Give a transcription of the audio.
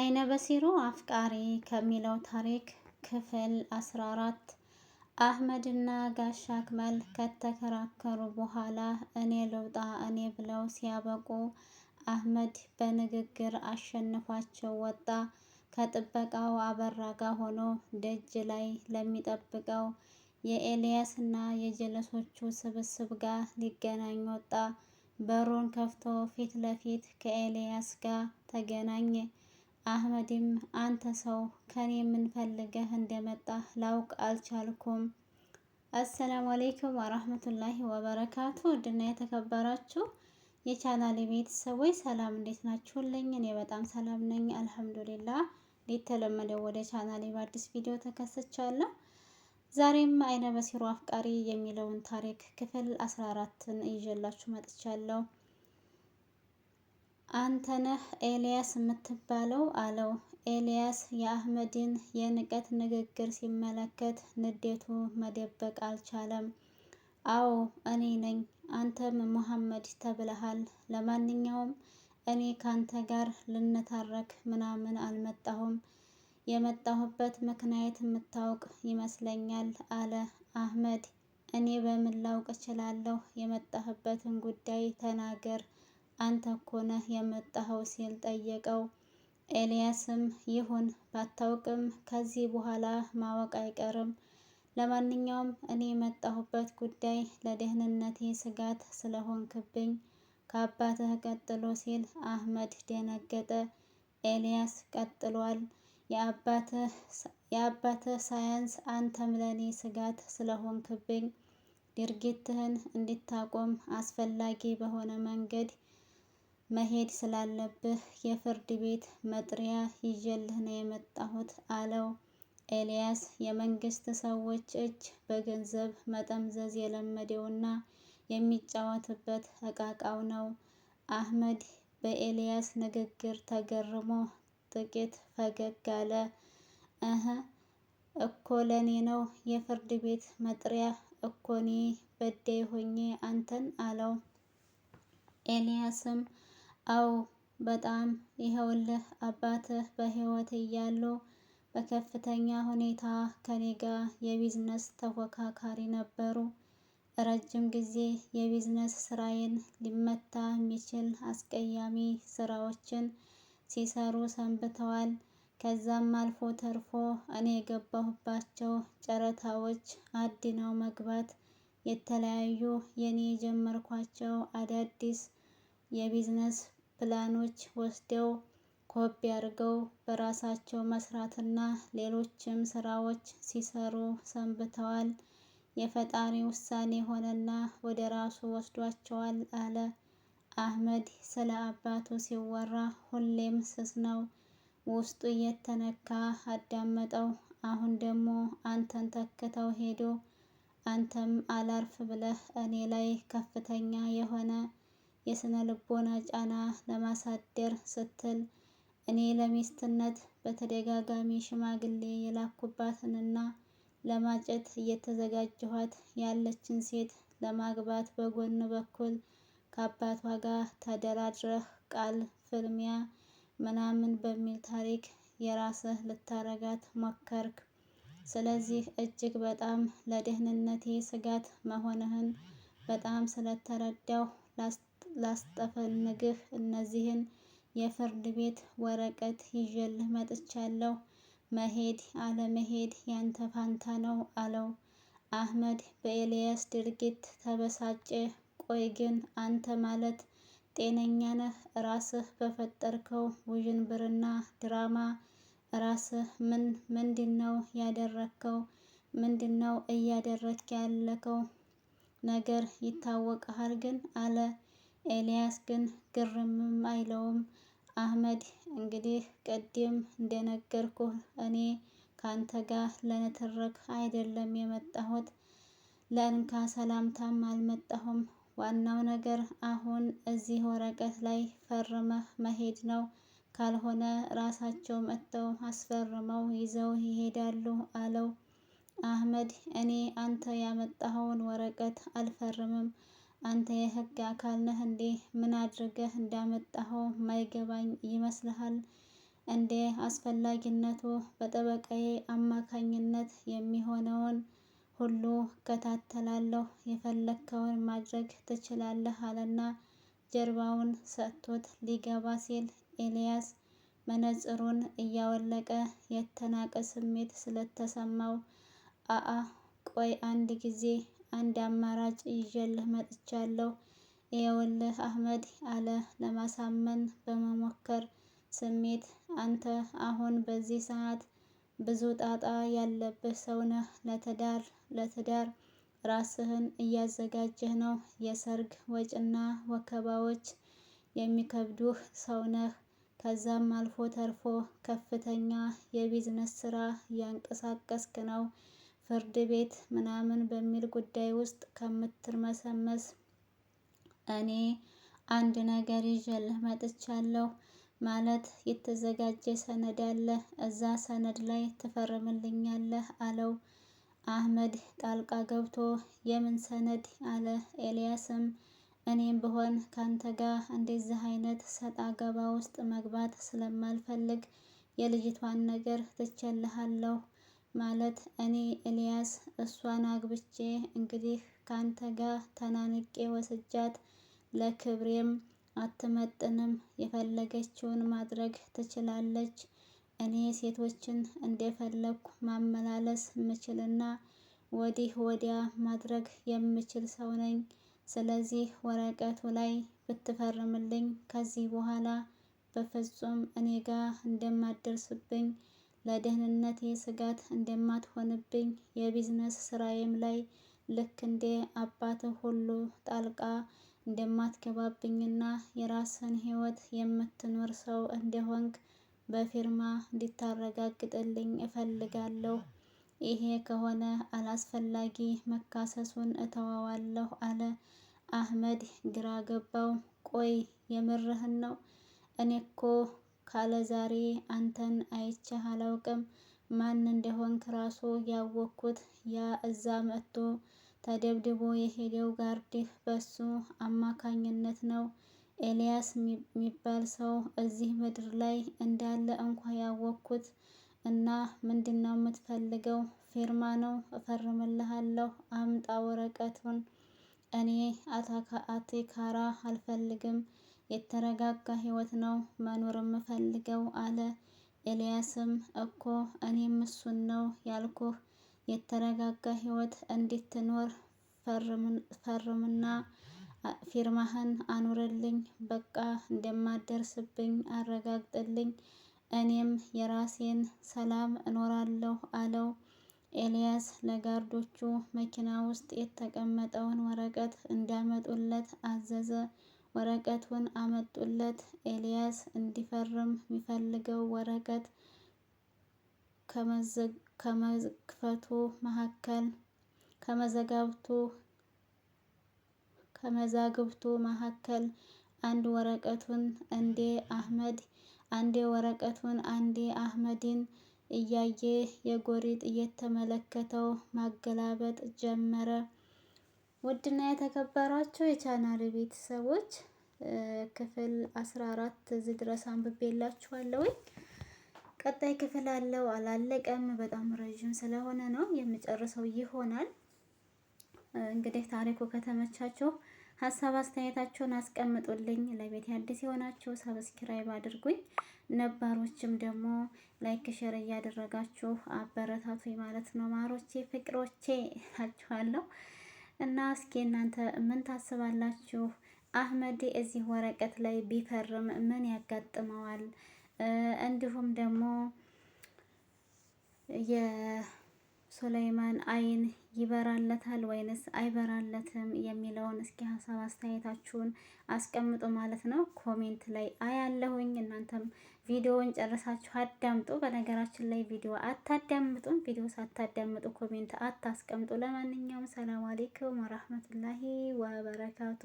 አይነ በሲሩ አፍቃሪ ከሚለው ታሪክ ክፍል 14 አህመድና ጋሻ አክመል ከተከራከሩ በኋላ እኔ ልውጣ እኔ ብለው ሲያበቁ አህመድ በንግግር አሸንፏቸው ወጣ። ከጥበቃው አበራ ጋር ሆኖ ደጅ ላይ ለሚጠብቀው የኤልያስ እና የጀለሶቹ ስብስብ ጋር ሊገናኝ ወጣ። በሩን ከፍቶ ፊት ለፊት ከኤልያስ ጋር ተገናኘ። አህመድም አንተ ሰው ከኔ የምንፈልገህ እንደመጣ ላውቅ አልቻልኩም። አሰላሙ አሌይኩም ወራህመቱላሂ ወበረካቱ። ውድና የተከበራችሁ የቻናሌ ቤተሰቦች ሰላም፣ እንዴት ናችሁልኝ? እኔ በጣም ሰላም ነኝ አልሐምዱሊላ። የተለመደው ወደ ቻናሌ በአዲስ ቪዲዮ ተከስቻለሁ። ዛሬም አይነ በሲሮ አፍቃሪ የሚለውን ታሪክ ክፍል አስራ አራትን ይዤላችሁ መጥቻለሁ። አንተነህ ኤልያስ የምትባለው አለው። ኤልያስ የአህመድን የንቀት ንግግር ሲመለከት ንዴቱ መደበቅ አልቻለም። አዎ እኔ ነኝ፣ አንተም ሙሐመድ ተብለሃል። ለማንኛውም እኔ ካንተ ጋር ልንታረክ ምናምን አልመጣሁም። የመጣሁበት ምክንያት የምታውቅ ይመስለኛል አለ አህመድ። እኔ በምን ላውቅ እችላለሁ? የመጣህበትን ጉዳይ ተናገር አንተ እኮ ነህ የመጣኸው ሲል ጠየቀው። ኤልያስም ይሁን ባታውቅም ከዚህ በኋላ ማወቅ አይቀርም። ለማንኛውም እኔ የመጣሁበት ጉዳይ ለደህንነቴ ስጋት ስለሆንክብኝ ከአባትህ ቀጥሎ ሲል አህመድ ደነገጠ። ኤልያስ ቀጥሏል። የአባትህ ሳያንስ አንተም ለእኔ ስጋት ስለሆንክብኝ ድርጊትህን እንድታቆም አስፈላጊ በሆነ መንገድ መሄድ ስላለብህ የፍርድ ቤት መጥሪያ ይዤልህ ነው የመጣሁት አለው። ኤልያስ የመንግስት ሰዎች እጅ በገንዘብ መጠምዘዝ የለመደውና የሚጫወትበት እቃቃው ነው። አህመድ በኤልያስ ንግግር ተገርሞ ጥቂት ፈገግ አለ። እህ እኮ ለኔ ነው የፍርድ ቤት መጥሪያ እኮ እኔ በዳይ ሆኜ አንተን አለው። ኤልያስም አዎ በጣም ይኸውልህ አባትህ በህይወት እያሉ በከፍተኛ ሁኔታ ከኔ ጋር የቢዝነስ ተፎካካሪ ነበሩ። ረጅም ጊዜ የቢዝነስ ስራዬን ሊመታ የሚችል አስቀያሚ ስራዎችን ሲሰሩ ሰንብተዋል። ከዛም አልፎ ተርፎ እኔ የገባሁባቸው ጨረታዎች አድነው መግባት የተለያዩ የኔ የጀመርኳቸው አዳዲስ የቢዝነስ ፕላኖች ወስደው ኮፒ አድርገው በራሳቸው መስራትና ሌሎችም ስራዎች ሲሰሩ ሰንብተዋል። የፈጣሪ ውሳኔ ሆነና ወደ ራሱ ወስዷቸዋል አለ። አህመድ ስለ አባቱ ሲወራ ሁሌም ስስ ነው፣ ውስጡ እየተነካ አዳመጠው። አሁን ደግሞ አንተን ተክተው ሄዶ አንተም አላርፍ ብለህ እኔ ላይ ከፍተኛ የሆነ የስነ ልቦና ጫና ለማሳደር ስትል እኔ ለሚስትነት በተደጋጋሚ ሽማግሌ የላኩባትንና ለማጨት እየተዘጋጀኋት ያለችን ሴት ለማግባት በጎን በኩል ከአባቷ ጋር ተደራድረህ ቃል ፍልሚያ ምናምን በሚል ታሪክ የራስህ ልታረጋት ሞከርክ። ስለዚህ እጅግ በጣም ለደህንነቴ ስጋት መሆንህን በጣም ስለተረዳው ላስ ላስጠፈን ምግብ እነዚህን የፍርድ ቤት ወረቀት ይዤልህ መጥቻለሁ። መሄድ አለመሄድ ያንተ ፋንታ ነው አለው። አህመድ በኤልያስ ድርጊት ተበሳጨ። ቆይ ግን አንተ ማለት ጤነኛ ነህ? ራስህ በፈጠርከው ውዥንብርና ድራማ ራስህ ምን ምንድነው ምንድን ምንድነው እያደረክ ያለከው ነገር ይታወቅሃል ግን አለ ኤልያስ ግን ግርምም አይለውም። አህመድ እንግዲህ ቀደም እንደነገርኩ እኔ ካንተ ጋር ለንትርክ አይደለም የመጣሁት፣ ለእንካ ሰላምታም አልመጣሁም። ዋናው ነገር አሁን እዚህ ወረቀት ላይ ፈርመህ መሄድ ነው። ካልሆነ ራሳቸው መጥተው አስፈርመው ይዘው ይሄዳሉ አለው። አህመድ እኔ አንተ ያመጣኸውን ወረቀት አልፈርምም አንተ የህግ አካል ነህ እንዴ? ምን አድርገህ እንዳመጣኸው ማይገባኝ ይመስልሃል እንዴ? አስፈላጊነቱ በጠበቃዬ አማካኝነት የሚሆነውን ሁሉ እከታተላለሁ። የፈለግከውን ማድረግ ትችላለህ አለና ጀርባውን ሰጥቶት ሊገባ ሲል ኤልያስ መነጽሩን እያወለቀ የተናቀ ስሜት ስለተሰማው አአ ቆይ አንድ ጊዜ አንድ አማራጭ ይዤልህ መጥቻለሁ። ይኸውልህ አህመድ አለ ለማሳመን በመሞከር ስሜት አንተ አሁን በዚህ ሰዓት ብዙ ጣጣ ያለብህ ሰው ነህ። ለትዳር ለትዳር ራስህን እያዘጋጀህ ነው። የሰርግ ወጭና ወከባዎች የሚከብዱህ ሰው ነህ። ከዛም አልፎ ተርፎ ከፍተኛ የቢዝነስ ስራ እያንቀሳቀስክ ነው። ፍርድ ቤት ምናምን በሚል ጉዳይ ውስጥ ከምትርመሰመስ እኔ አንድ ነገር ይዤልህ መጥቻለሁ ማለት የተዘጋጀ ሰነድ አለ። እዛ ሰነድ ላይ ትፈርምልኛለህ አለው። አህመድ ጣልቃ ገብቶ የምን ሰነድ አለ። ኤልያስም እኔም ብሆን ካንተ ጋር እንደዚህ አይነት ሰጣ ገባ ውስጥ መግባት ስለማልፈልግ የልጅቷን ነገር ትቼልሃለሁ ማለት እኔ ኤልያስ እሷን አግብቼ እንግዲህ ካንተ ጋር ተናንቄ ወስጃት ለክብሬም አትመጥንም፣ የፈለገችውን ማድረግ ትችላለች። እኔ ሴቶችን እንደፈለግኩ ማመላለስ ምችልና ወዲህ ወዲያ ማድረግ የምችል ሰው ነኝ። ስለዚህ ወረቀቱ ላይ ብትፈርምልኝ ከዚህ በኋላ በፍጹም እኔ ጋር እንደማደርስብኝ ለደህንነቴ ስጋት እንደማትሆንብኝ የቢዝነስ ስራዬም ላይ ልክ እንደ አባት ሁሉ ጣልቃ እንደማትገባብኝና የራስን ህይወት የምትኖር ሰው እንደሆንክ በፊርማ እንድታረጋግጥልኝ እፈልጋለሁ። ይሄ ከሆነ አላስፈላጊ መካሰሱን እተዋዋለሁ አለ። አህመድ ግራ ገባው። ቆይ የምርህን ነው? እኔ እኮ ካለ ዛሬ አንተን አይቼህ አላውቅም። ማን እንደሆንክ ራሱ ያወቅኩት ያ እዛ መጥቶ ተደብድቦ የሄደው ጋርድህ በሱ አማካኝነት ነው። ኤልያስ የሚባል ሰው እዚህ ምድር ላይ እንዳለ እንኳ ያወቅኩት እና ምንድነው የምትፈልገው? ፊርማ ነው እፈርምልሃለሁ። አምጣ ወረቀቱን። እኔ አቴካራ አልፈልግም የተረጋጋ ህይወት ነው መኖር የምፈልገው አለ። ኤልያስም እኮ እኔም እሱን ነው ያልኩህ የተረጋጋ ህይወት እንድትኖር ፈርምና ፊርማህን አኑርልኝ በቃ እንደማደርስብኝ አረጋግጥልኝ እኔም የራሴን ሰላም እኖራለሁ አለው። ኤልያስ ለጋርዶቹ መኪና ውስጥ የተቀመጠውን ወረቀት እንዲያመጡለት አዘዘ። ወረቀቱን አመጡለት። ኤልያስ እንዲፈርም የሚፈልገው ወረቀት ከመክፈቱ መካከል ከመዘጋብቱ ከመዛግብቱ መካከል አንድ ወረቀቱን እንዴ አህመድ አንዴ ወረቀቱን አንዴ አህመድን እያየ የጎሪጥ እየተመለከተው ማገላበጥ ጀመረ። ውድና የተከበራችሁ የቻናል ቤተሰቦች ክፍል አስራ አራት እዚህ ድረስ አንብቤላችኋለሁኝ። ቀጣይ ክፍል አለው አላለቀም። በጣም ረዥም ስለሆነ ነው የምጨርሰው ይሆናል። እንግዲህ ታሪኩ ከተመቻቸው ሀሳብ አስተያየታቸውን አስቀምጡልኝ። ለቤት አዲስ የሆናችሁ ሰብስክራይብ አድርጉኝ፣ ነባሮችም ደግሞ ላይክ ሼር እያደረጋችሁ አበረታቱ ማለት ነው። ማሮቼ ፍቅሮቼ እላችኋለሁ እና እስኪ እናንተ ምን ታስባላችሁ? አህመድ እዚህ ወረቀት ላይ ቢፈርም ምን ያጋጥመዋል? እንዲሁም ደግሞ የሱለይማን አይን ይበራለታል ወይንስ አይበራለትም የሚለውን እስኪ ሀሳብ አስተያየታችሁን አስቀምጡ ማለት ነው። ኮሜንት ላይ አያለሁኝ። እናንተም ቪዲዮውን ጨርሳችሁ አዳምጡ። በነገራችን ላይ ቪዲዮ አታዳምጡም። ቪዲዮ ሳታዳምጡ ኮሜንት አታስቀምጡ። ለማንኛውም ሰላም አሌይኩም ወራህመቱላሂ ወበረካቱ።